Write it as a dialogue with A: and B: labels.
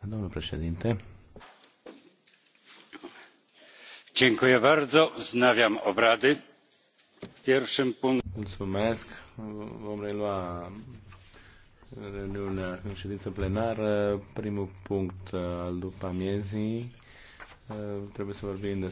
A: Domnule președinte.
B: Wznawiam obrady. Mulțumesc. Vom relua reuniunea în ședință plenară.
C: Primul punct al după amiezii. Trebuie să vorbim despre